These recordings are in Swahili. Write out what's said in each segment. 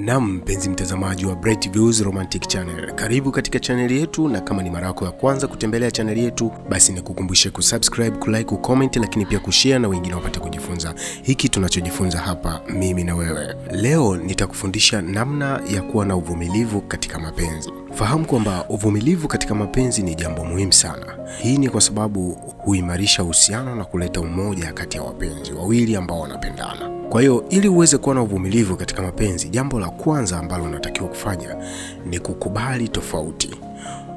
Nam mpenzi mtazamaji wa Bright Views Romantic Channel, karibu katika chaneli yetu, na kama ni mara yako ya kwanza kutembelea chaneli yetu, basi nikukumbushe kusubscribe, kulike, kucomment, lakini pia kushare na wengine wapate kujifunza hiki tunachojifunza hapa mimi na wewe. Leo nitakufundisha namna ya kuwa na uvumilivu katika mapenzi. Fahamu kwamba uvumilivu katika mapenzi ni jambo muhimu sana. Hii ni kwa sababu huimarisha uhusiano na kuleta umoja kati ya wapenzi wawili ambao wanapendana. Kwa hiyo ili uweze kuwa na uvumilivu katika mapenzi, jambo la kwanza ambalo unatakiwa kufanya ni kukubali tofauti.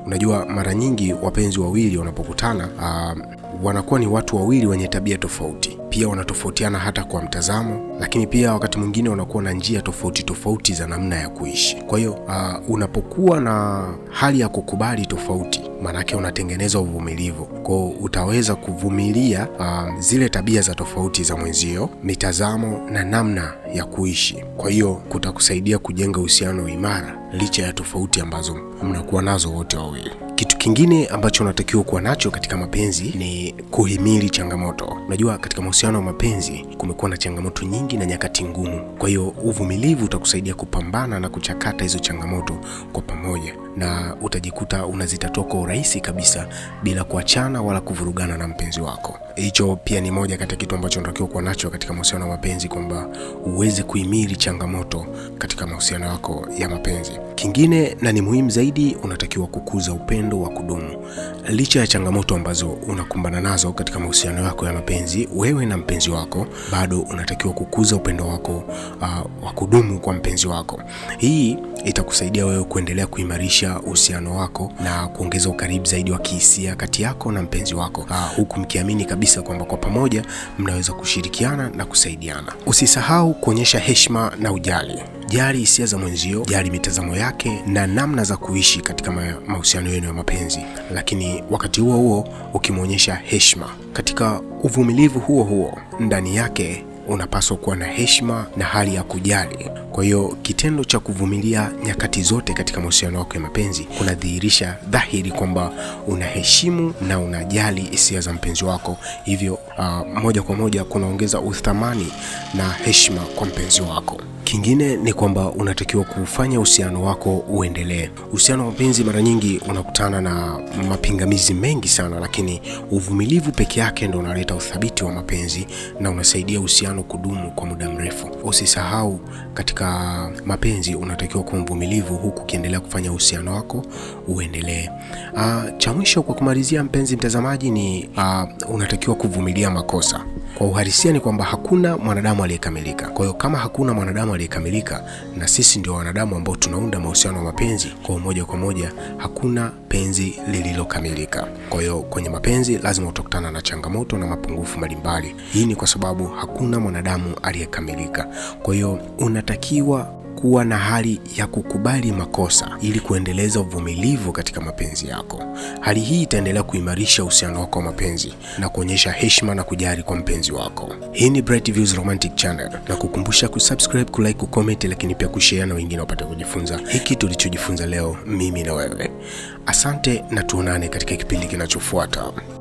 Unajua, mara nyingi wapenzi wawili wanapokutana, uh, wanakuwa ni watu wawili wenye tabia tofauti pia wanatofautiana hata kwa mtazamo, lakini pia wakati mwingine wanakuwa na njia tofauti tofauti za namna ya kuishi. Kwa hiyo uh, unapokuwa na hali ya kukubali tofauti, maanake unatengeneza uvumilivu kwao, utaweza kuvumilia uh, zile tabia za tofauti za mwenzio, mitazamo na namna ya kuishi. Kwa hiyo kutakusaidia kujenga uhusiano imara licha ya tofauti ambazo mnakuwa nazo wote wawili. Kingine ambacho unatakiwa kuwa nacho katika mapenzi ni kuhimili changamoto. Unajua, katika mahusiano ya mapenzi kumekuwa na changamoto nyingi na nyakati ngumu, kwa hiyo uvumilivu utakusaidia kupambana na kuchakata hizo changamoto kwa pamoja na utajikuta unazitatua kwa urahisi kabisa bila kuachana wala kuvurugana na mpenzi wako. Hicho pia ni moja kati ya kitu ambacho unatakiwa kuwa nacho katika mahusiano ya mapenzi, kwamba uweze kuhimili changamoto katika mahusiano yako ya mapenzi. Kingine na ni muhimu zaidi, unatakiwa kukuza upendo wa kudumu. Licha ya changamoto ambazo unakumbana nazo katika mahusiano yako ya mapenzi, wewe na mpenzi wako, bado unatakiwa kukuza upendo wako uh, wa kudumu kwa mpenzi wako. Hii itakusaidia wewe kuendelea kuimarisha kuimarisha uhusiano wako na kuongeza ukaribu zaidi wa kihisia kati yako na mpenzi wako, aa, ah, huku mkiamini kabisa kwamba kwa pamoja mnaweza kushirikiana na kusaidiana. Usisahau kuonyesha heshima na ujali. Jali hisia za mwenzio, jali mitazamo yake na namna za kuishi katika mahusiano yenu ya mapenzi, lakini wakati huo huo ukimwonyesha heshima. Katika uvumilivu huo huo ndani yake unapaswa kuwa na heshima na hali ya kujali. Kwa hiyo kitendo cha kuvumilia nyakati zote katika mahusiano yako ya mapenzi kunadhihirisha dhahiri kwamba unaheshimu na unajali hisia za mpenzi wako, hivyo uh, moja kwa moja kunaongeza uthamani na heshima kwa mpenzi wako. Kingine ni kwamba unatakiwa kufanya uhusiano wako uendelee. Uhusiano wa mapenzi mara nyingi unakutana na mapingamizi mengi sana, lakini uvumilivu peke yake ndo unaleta uthabiti wa mapenzi na unasaidia uhusiano kudumu kwa muda mrefu. Usisahau, katika mapenzi unatakiwa kuwa mvumilivu, huku ukiendelea kufanya uhusiano wako uendelee. Ah, cha mwisho kwa kumalizia, mpenzi mtazamaji, ni aa, ah, unatakiwa kuvumilia makosa. Kwa uhalisia ni kwamba hakuna mwanadamu aliyekamilika. Kwa hiyo kama hakuna mwanadamu aliyekamilika, na sisi ndio wanadamu ambao tunaunda mahusiano ya mapenzi, kwa moja kwa moja hakuna penzi lililokamilika. Kwa hiyo kwenye mapenzi lazima utakutana na changamoto na mapungufu mbalimbali. Hii ni kwa sababu hakuna mwanadamu aliyekamilika. Kwa hiyo unatakiwa kuwa na hali ya kukubali makosa ili kuendeleza uvumilivu katika mapenzi yako. Hali hii itaendelea kuimarisha uhusiano wako wa mapenzi na kuonyesha heshima na kujali kwa mpenzi wako. Hii ni Bright Views Romantic Channel, na kukumbusha kusubscribe, kulike, kucomment, lakini pia kushare na wengine wapate kujifunza hiki tulichojifunza leo, mimi na wewe. Asante na tuonane katika kipindi kinachofuata.